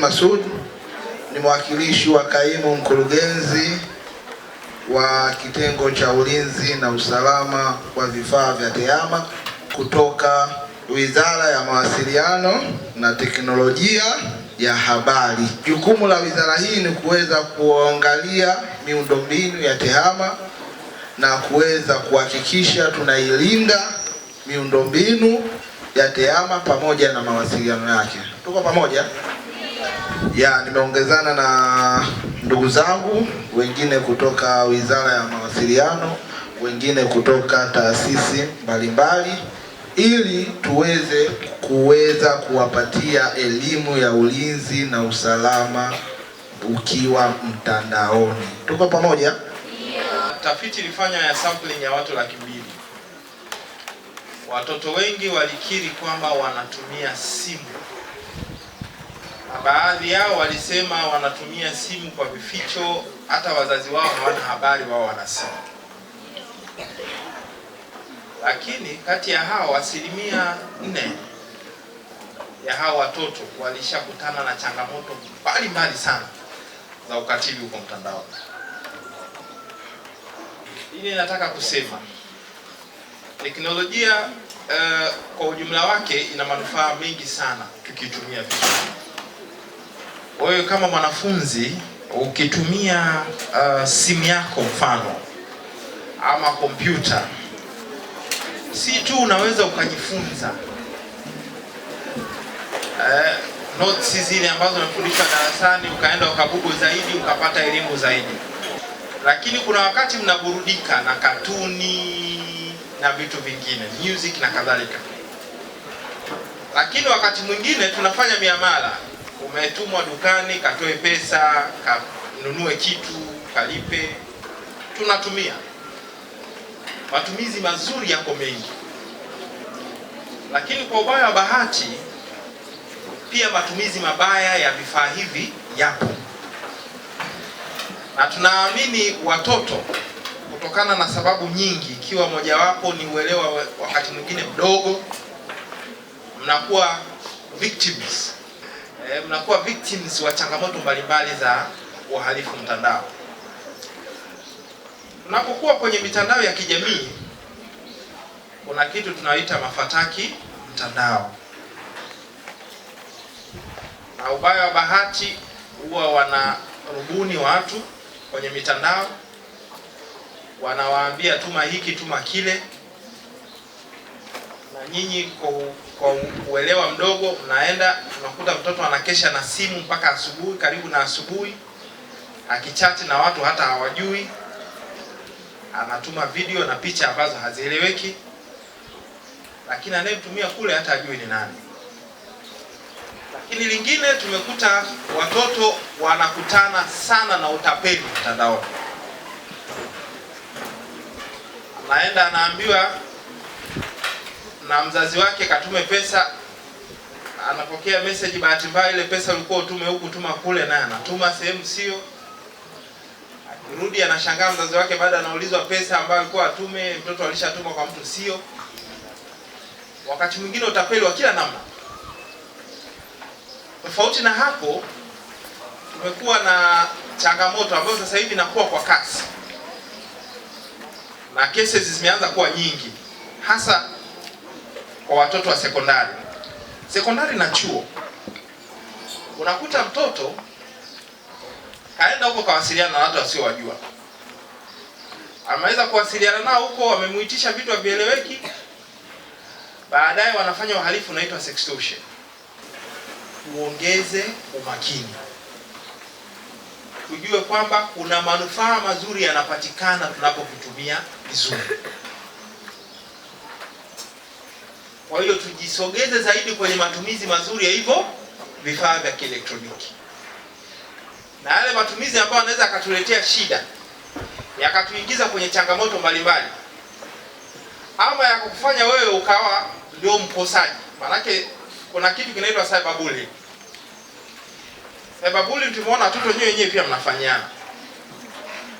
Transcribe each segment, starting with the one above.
Masud ni mwakilishi wa kaimu mkurugenzi wa kitengo cha ulinzi na usalama wa vifaa vya TEHAMA kutoka Wizara ya Mawasiliano na Teknolojia ya Habari. Jukumu la wizara hii ni kuweza kuangalia miundombinu ya TEHAMA na kuweza kuhakikisha tunailinda miundombinu ya TEHAMA pamoja na mawasiliano yake. Tuko pamoja? ya nimeongezana na ndugu zangu wengine kutoka Wizara ya Mawasiliano, wengine kutoka taasisi mbalimbali ili tuweze kuweza kuwapatia elimu ya ulinzi na usalama ukiwa mtandaoni. Tuko pamoja? Yeah. Tafiti ilifanya ya sampling ya watu laki mbili. Watoto wengi walikiri kwamba wanatumia simu baadhi yao walisema wanatumia simu kwa vificho, hata wazazi wao hawana habari wao wana simu. Lakini kati ya hao asilimia nne ya hao watoto walishakutana na changamoto mbalimbali sana za ukatili huko mtandaoni. Ili nataka kusema teknolojia uh, kwa ujumla wake ina manufaa mengi sana tukitumia vizuri wewe kama mwanafunzi ukitumia uh, simu yako mfano ama kompyuta, si tu unaweza ukajifunza eh, notes zile ambazo unafundishwa darasani, ukaenda ukabugu zaidi, ukapata elimu zaidi, lakini kuna wakati mnaburudika na katuni na vitu vingine, music na kadhalika, lakini wakati mwingine tunafanya miamala umetumwa dukani, katoe pesa, kanunue kitu, kalipe. Tunatumia, matumizi mazuri yako mengi, lakini kwa ubaya wa bahati pia matumizi mabaya ya vifaa hivi yapo, na tunaamini watoto kutokana na sababu nyingi, ikiwa mojawapo ni uelewa wakati mwingine mdogo, mnakuwa victims eh, mnakuwa victims wa changamoto mbalimbali za uhalifu mtandao. Tunapokuwa kwenye mitandao ya kijamii, kuna kitu tunaita mafataki mtandao, na ubaya wa bahati huwa wanarubuni watu kwenye mitandao, wanawaambia tuma hiki, tuma kile Eh, nyinyi kwa uelewa mdogo, unaenda unakuta mtoto anakesha na simu mpaka asubuhi, karibu na asubuhi, akichati na watu hata hawajui, anatuma video na picha ambazo hazieleweki, lakini anayemtumia kule hata ajui ni nani. Lakini lingine tumekuta watoto wanakutana sana na utapeli mtandaoni, anaenda anaambiwa na mzazi wake katume pesa, anapokea message, bahati mbaya ile pesa ulikuwa utume huku tuma kule, naye anatuma sehemu sio. Akirudi anashangaa mzazi wake, baada anaulizwa pesa ambayo alikuwa atume, mtoto alishatuma kwa mtu sio. Wakati mwingine utapeli wa kila namna. Tofauti na hapo, tumekuwa na changamoto ambayo sasa hivi inakuwa kwa kasi na cases zimeanza kuwa nyingi hasa kwa watoto wa sekondari, sekondari na chuo, unakuta mtoto kaenda huko kawasiliana na watu wasiowajua, ameweza kuwasiliana nao huko, wamemuitisha vitu havieleweki, baadaye wanafanya uhalifu unaitwa sextortion. umakini, tujue kwamba kuna manufaa mazuri yanapatikana tunapokutumia vizuri. Kwa hiyo tujisogeze zaidi kwenye matumizi mazuri ya hivyo vifaa vya kielektroniki, na yale matumizi ambayo anaweza akatuletea shida yakatuingiza kwenye changamoto mbalimbali, ama ya kukufanya wewe ukawa ndio mkosaji. Maanake kuna kitu kinaitwa cyberbullying. Cyberbullying tumeona watoto wenyewe wenyewe pia mnafanyiana,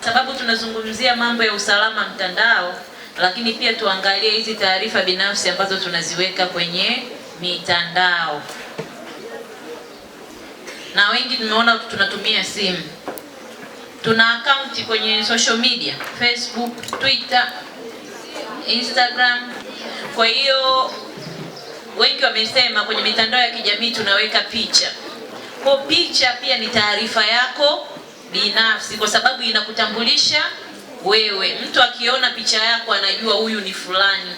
sababu tunazungumzia mambo ya usalama mtandao lakini pia tuangalie hizi taarifa binafsi ambazo tunaziweka kwenye mitandao, na wengi tumeona tunatumia simu. Tuna akaunti kwenye social media Facebook, Twitter, Instagram. Kwa hiyo wengi wamesema kwenye mitandao ya kijamii tunaweka picha. Kwa picha pia ni taarifa yako binafsi, kwa sababu inakutambulisha wewe. Mtu akiona picha yako anajua huyu ni fulani.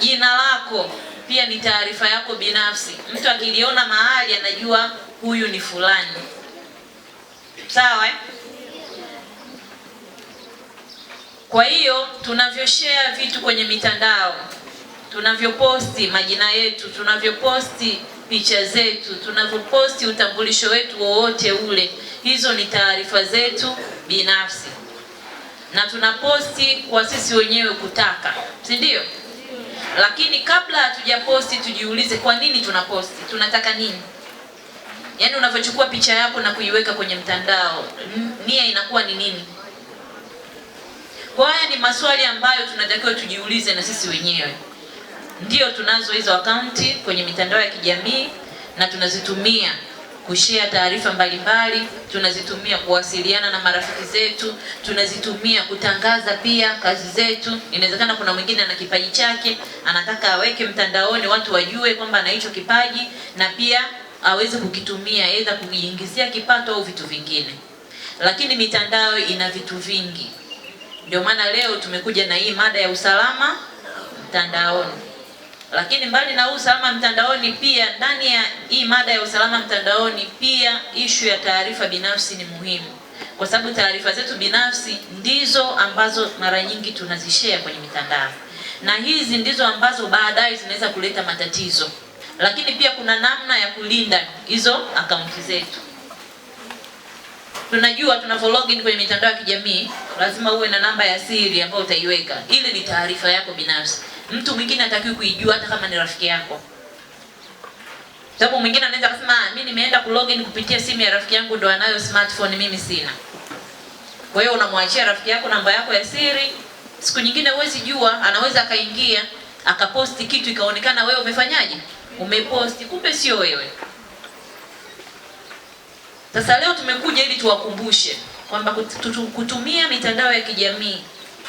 Jina lako pia ni taarifa yako binafsi. Mtu akiliona mahali anajua huyu ni fulani, sawa eh? Kwa hiyo tunavyoshare vitu kwenye mitandao, tunavyoposti majina yetu, tunavyoposti picha zetu, tunavyoposti utambulisho wetu wowote ule, hizo ni taarifa zetu binafsi na tunaposti kwa sisi wenyewe kutaka, si ndio? Lakini kabla hatujaposti tujiulize, kwa nini tunaposti? Tunataka nini? Yaani unavyochukua picha yako na kuiweka kwenye mtandao, nia inakuwa ni nini? Kwa haya ni maswali ambayo tunatakiwa tujiulize na sisi wenyewe. Ndio tunazo hizo akaunti kwenye mitandao ya kijamii na tunazitumia kushea taarifa mbalimbali, tunazitumia kuwasiliana na marafiki zetu, tunazitumia kutangaza pia kazi zetu. Inawezekana kuna mwingine ana kipaji chake anataka aweke mtandaoni, watu wajue kwamba ana hicho kipaji, na pia aweze kukitumia aidha kujiingizia kipato au vitu vingine. Lakini mitandao ina vitu vingi, ndio maana leo tumekuja na hii mada ya usalama mtandaoni. Lakini mbali na usalama mtandaoni, pia ndani ya hii mada ya usalama mtandaoni, pia ishu ya taarifa binafsi ni muhimu, kwa sababu taarifa zetu binafsi ndizo ambazo mara nyingi tunazishare kwenye mitandao, na hizi ndizo ambazo baadaye zinaweza kuleta matatizo. Lakini pia kuna namna ya kulinda hizo akaunti zetu. Tunajua tunapo login kwenye mitandao ya kijamii lazima uwe na namba ya siri ambayo utaiweka, ili ni taarifa yako binafsi Mtu mwingine hatakiwi kuijua hata kama ni rafiki yako. Sababu mwingine anaweza kusema ah, mimi nimeenda ku login kupitia simu ya rafiki yangu ndo anayo smartphone mimi sina. Kwa hiyo unamwachia rafiki yako namba yako ya siri. Siku nyingine huwezi jua, anaweza akaingia akaposti kitu ikaonekana wewe umefanyaje? Umeposti, kumbe sio wewe. Sasa leo tumekuja ili tuwakumbushe kwamba kutumia mitandao ya kijamii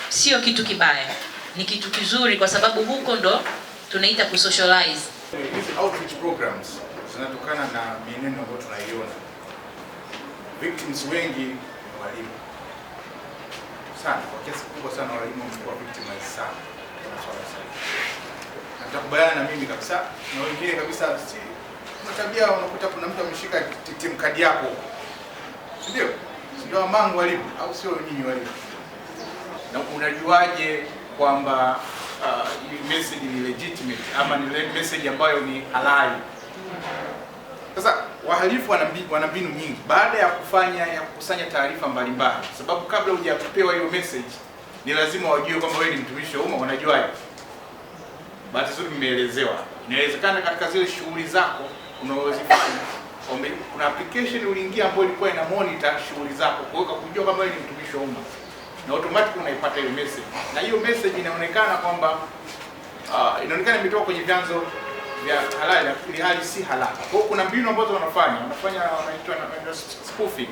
sio kitu kibaya ni kitu kizuri, kwa sababu huko ndo tunaita socialize. Hizi outreach programs zinatokana na mienendo ambayo tunaiona. Victims wengi ni walimu sana, kwa kiasi kikubwa sana walimu wamekuwa victimized sana sana. Natakubaliana na mimi kabisa na wengine kabisa, si kuna tabia, unakuta kuna mtu ameshika team card yako, ndio ndio mangu walimu, au sio? Nyinyi walimu na unajuaje kwamba uh, message ni legitimate ama ni message ambayo ni halali. Sasa wahalifu wana mbinu nyingi baada ya kufanya ya kukusanya taarifa mbalimbali, sababu kabla hujapewa hiyo message ni lazima wajue kwamba wewe ni mtumishi wa umma. Wanajuaje? Bahati nzuri nimeelezewa Inawezekana katika zile shughuli zako unazozifanya kuna application uliingia ambayo ilikuwa ina monitor shughuli zako, kwa hiyo ukajua wewe ni mtumishi wa umma na automatic unaipata hiyo message, na hiyo message inaonekana kwamba uh, inaonekana imetoka kwenye vyanzo vya halali, lakini hali si halali. Kwa hiyo kuna mbinu ambazo wanafanya wanafanya wanaitwa na spoofing,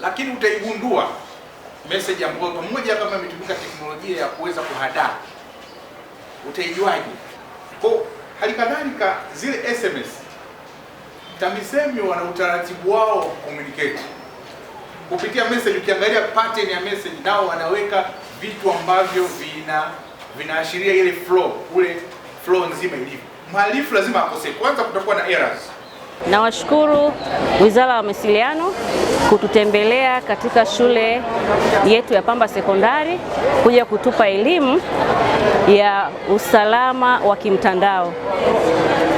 lakini utaigundua message ambayo pamoja kama imetumika teknolojia ya kuweza kuhadaa, utaijuaje? Kwa hali kadhalika zile SMS TAMISEMI wana utaratibu wao communicate kupitia message. Ukiangalia pattern ya message, nao wanaweka vitu ambavyo vina vinaashiria ile flow, ule flow nzima ilivyo. Mhalifu lazima akosee, kwanza kutakuwa na errors. Nawashukuru Wizara ya Mawasiliano kututembelea katika shule yetu ya Pamba Sekondari kuja kutupa elimu ya usalama wa kimtandao.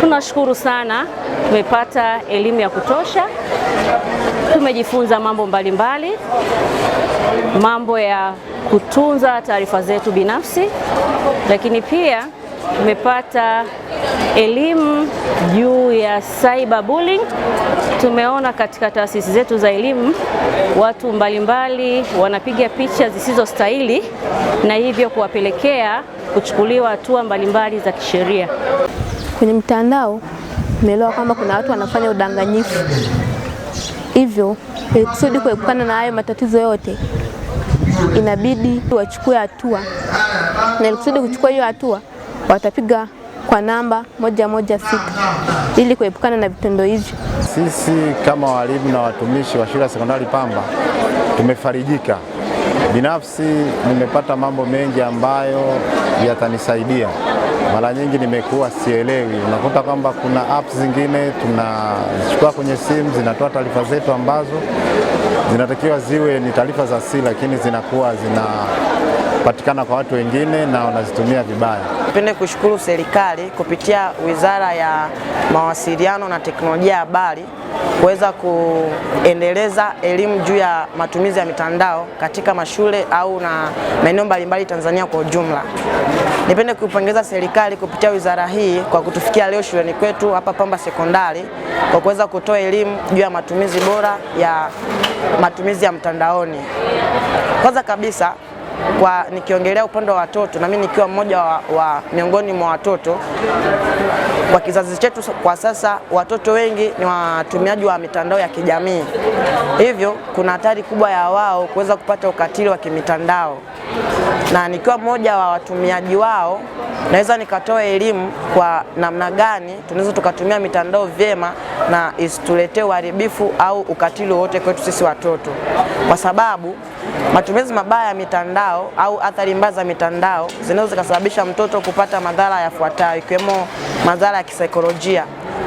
Tunashukuru sana, tumepata elimu ya kutosha tumejifunza mambo mbalimbali mbali, mambo ya kutunza taarifa zetu binafsi, lakini pia tumepata elimu juu ya cyber bullying. Tumeona katika taasisi zetu za elimu watu mbalimbali wanapiga picha zisizostahili na hivyo kuwapelekea kuchukuliwa hatua mbalimbali za kisheria. Kwenye mtandao nimeelewa kwamba kuna watu wanafanya udanganyifu Hivyo ili eh, kusudi kuepukana na hayo matatizo yote, inabidi wachukue hatua, na ili kusudi kuchukua hiyo hatua watapiga kwa namba moja moja sita ili kuepukana na vitendo hivyo. Sisi kama walimu na watumishi wa shule ya sekondari Pamba tumefarijika. Binafsi nimepata mambo mengi ambayo yatanisaidia mara nyingi nimekuwa sielewi. Unakuta kwamba kuna apps zingine tunachukua kwenye simu zinatoa taarifa zetu ambazo zinatakiwa ziwe ni taarifa za siri, lakini zinakuwa zina kupatikana kwa watu wengine na wanazitumia vibaya. Nipende kushukuru serikali kupitia Wizara ya Mawasiliano na Teknolojia ya Habari kuweza kuendeleza elimu juu ya matumizi ya mitandao katika mashule au na maeneo mbalimbali Tanzania kwa ujumla. Nipende kuipongeza serikali kupitia wizara hii kwa kutufikia leo shuleni kwetu hapa Pamba Sekondari kwa kuweza kutoa elimu juu ya matumizi bora ya matumizi ya mtandaoni. Kwanza kabisa kwa nikiongelea upande wa watoto na mimi nikiwa mmoja wa, wa miongoni mwa watoto kwa kizazi chetu kwa sasa, watoto wengi ni watumiaji wa mitandao ya kijamii, hivyo kuna hatari kubwa ya wao kuweza kupata ukatili wa kimitandao, na nikiwa mmoja wa watumiaji wao naweza nikatoa elimu kwa namna gani tunaweza tukatumia mitandao vyema na isituletee uharibifu au ukatili wowote kwetu sisi watoto, kwa sababu Matumizi mabaya ya mitandao au athari mbaya za mitandao zinaweza zikasababisha mtoto kupata madhara yafuatayo ikiwemo madhara ya kisaikolojia.